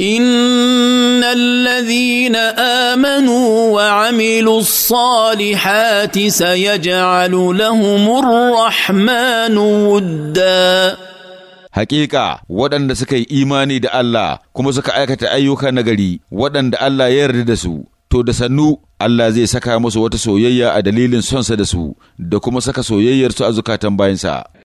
ان الذين امنوا وعملوا الصالحات سيجعل لهم الرحمن ودا Hakika waɗanda suka yi imani da Allah kuma suka aikata ayyuka nagari waɗanda Allah ya yarda da su, to da sannu Allah zai saka musu wata soyayya a dalilin sonsa da su, da kuma saka soyayyarsu a zukatan bayansa.